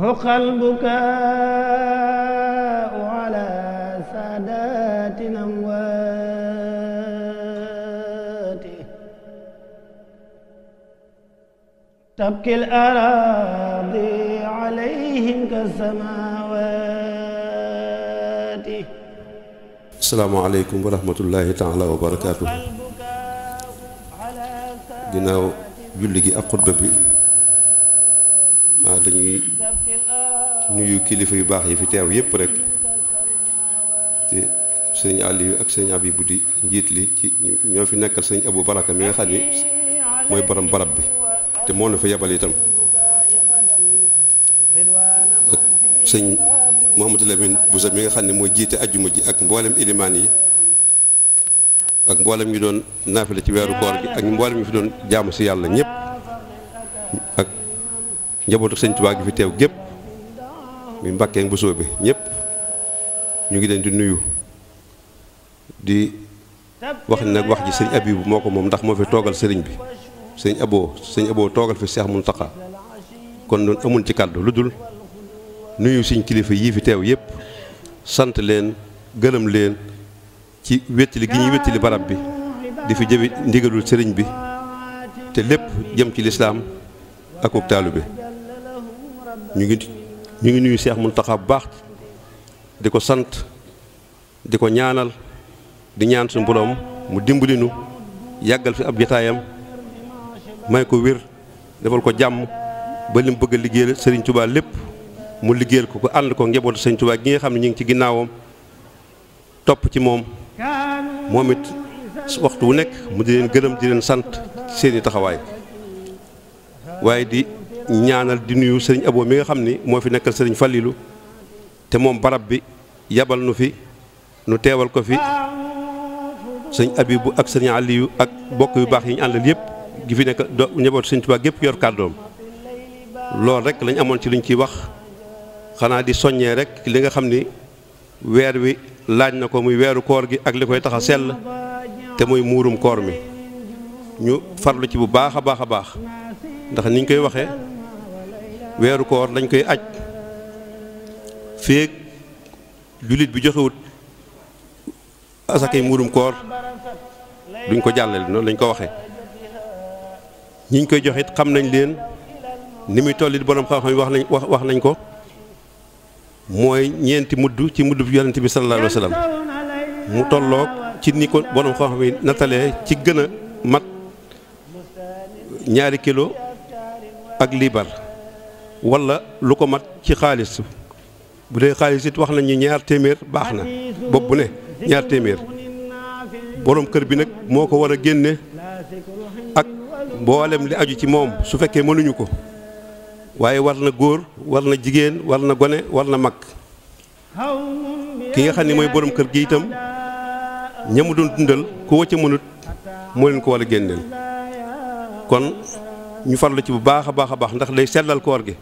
حق البكاء على سادات الأموات تبكي الأراضي عليهم كالسماوات السلام عليكم ورحمة الله تعالى وبركاته ginnaaw julli gi ak xutba bi ah dañuy nuyu kilifa yu baax yi fi teew yépp rek te àll Aliou ak sëñ Abibou di njiit li ci ñoo fi nekkal sëñ abu Baraka mi nga xam ni mooy borom barab bi te moo na fa yebal itam ak sëñ Mouhamadou Lamine Boussa mi nga xam ne mooy jiite ajjuma ji ak mboolem ilimaan yi ak mboolem ñu doon naafila ci weeru koor bi ak mboolem ñu fi doon jaamu si yàlla ñëpp. njabootu sëñ Tuubaa gi fi teew gépp mi mbàkkee bu bi ñëpp ñu ngi leen di nuyu di wax nag wax ji sëñ Abibu moo ko moom ndax moo fi toogal sëriñ bi sëñ Aboo sëñ Aboo toogal fi Seex Muntaxa kon noonu amul ci kàddu lu dul nuyu suñ kilifa yii fi teew yëpp sant leen gërëm leen ci wéttali gi ñuy wéttali barab bi di fi jëwi ndigalul sëriñ bi te lépp jëm ci lislaam ak taalu bi ñu ngi ñu ngi nuyu Seex Muntaxa baax di ko sant di ko ñaanal di ñaan suñu boroom mu dimbali nu yàggal fi ab jataayam may ko wér defal ko jàmm ba li bëgg a liggéeyal Sëriñ Tuubaa lépp mu liggéeyal ko ko ànd ko njabootu Sëriñ Tuubaa gi nga xam ne ñu ngi ci ginnaawam topp ci moom moom it waxtu wu nekk mu di leen gërëm di leen sant seeni taxawaay waaye di ñaanal di nuyu sëriñ Abo mi nga xam ni moo fi nekkal sëriñ Fallilou te moom barab bi yabal nu fi nu teewal ko fi sëñ Abibu ak sëriñ Aliyu ak bokk yu baax yi ñu àndal yëpp gi fi nekk do ñëboot sëñ Tuubaa yor kàddoom loolu rek lañ amoon ci liñ ciy wax xanaa di soññee rek li nga xam ni weer wi laaj na ko muy weeru koor gi ak li koy tax a sell te muy muurum koor mi ñu farlu ci bu baax a baax a baax ndax niñ koy waxee weeru koor dañ koy aj féeg jullit bi joxewut asakay mburum koor duñ ko jàllale noonu lañ ko waxee ñiñ koy joxit xam nañ leen ni muy tollit borom xam-xam wax nañ wax nañ ko mooy ñeenti mudd ci mudd bi yonent bi sallallahu alayhi mu tolloog ci ni ko borom xam-xam yi nattalee ci gëna a mat ñaari kilo ak liibar walla lu ko mat ci xaalis bu dee xaalis it wax nañu ñu ñaar téeméer baax na bopp bu ne ñaar téeméer boroom kër bi nag moo ko war a génne ak mboolem li aju ci moom su fekkee mënuñu ko waaye war na góor war na jigéen war na gone war na mag ki nga xam ne mooy borom kër gi itam ñamu doon dundal ku wacc mënut moo leen ko war a génneel kon ñu farlu ci bu baax a baax a baax ndax day sellal koor gi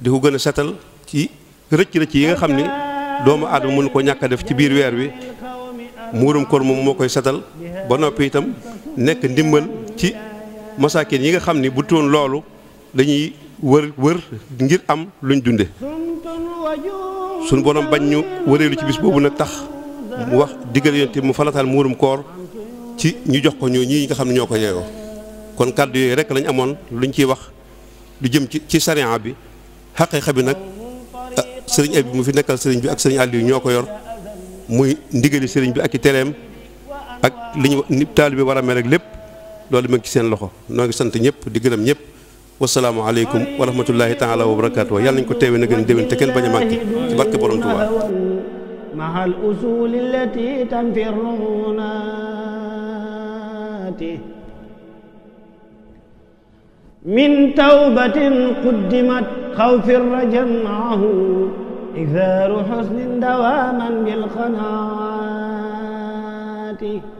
di ko gën a setal ci rëcc-rëcc yi nga xam ni doomu aadama mënu ko ñàkk def ci biir weer wi muurum koor moom moo koy setal ba noppi itam nekk ndimbal ci masaakin yi nga xam ni bu tuwoon loolu dañuy wër wër ngir am luñ dunde suñ borom bañ ñu wëreelu ci bis boobu nag tax mu wax diggal yonte mu falatal muurum koor ci ñu jox ko ñoo ñii nga xam ne ñoo ko yeewoo kon kàddu yooyu rek lañ amoon luñ ciy wax lu jëm ci ci sariya bi xaqiiqa bi nag ah, sëriñ bi mu fi nekkal sëriñ bi ak sëriñ Aliou ñoo ko yor muy ndigali sëriñ bi ak i tereem ak li ñu ni taalibe war a mel rek lépp loolu mu ngi ci seen loxo noo ngi sant ñëpp di gërëm ñëpp wasalaamu aleykum wa rahmatullahi taala wa barakaatu yàlla nañ ko teewee na gën a déwén te kenn bañ a màgg ci barke borom Tuubaa مع الأصول التي تنفي الرهونات خوف الرجا معه إكثار حسن دواما بالقناعات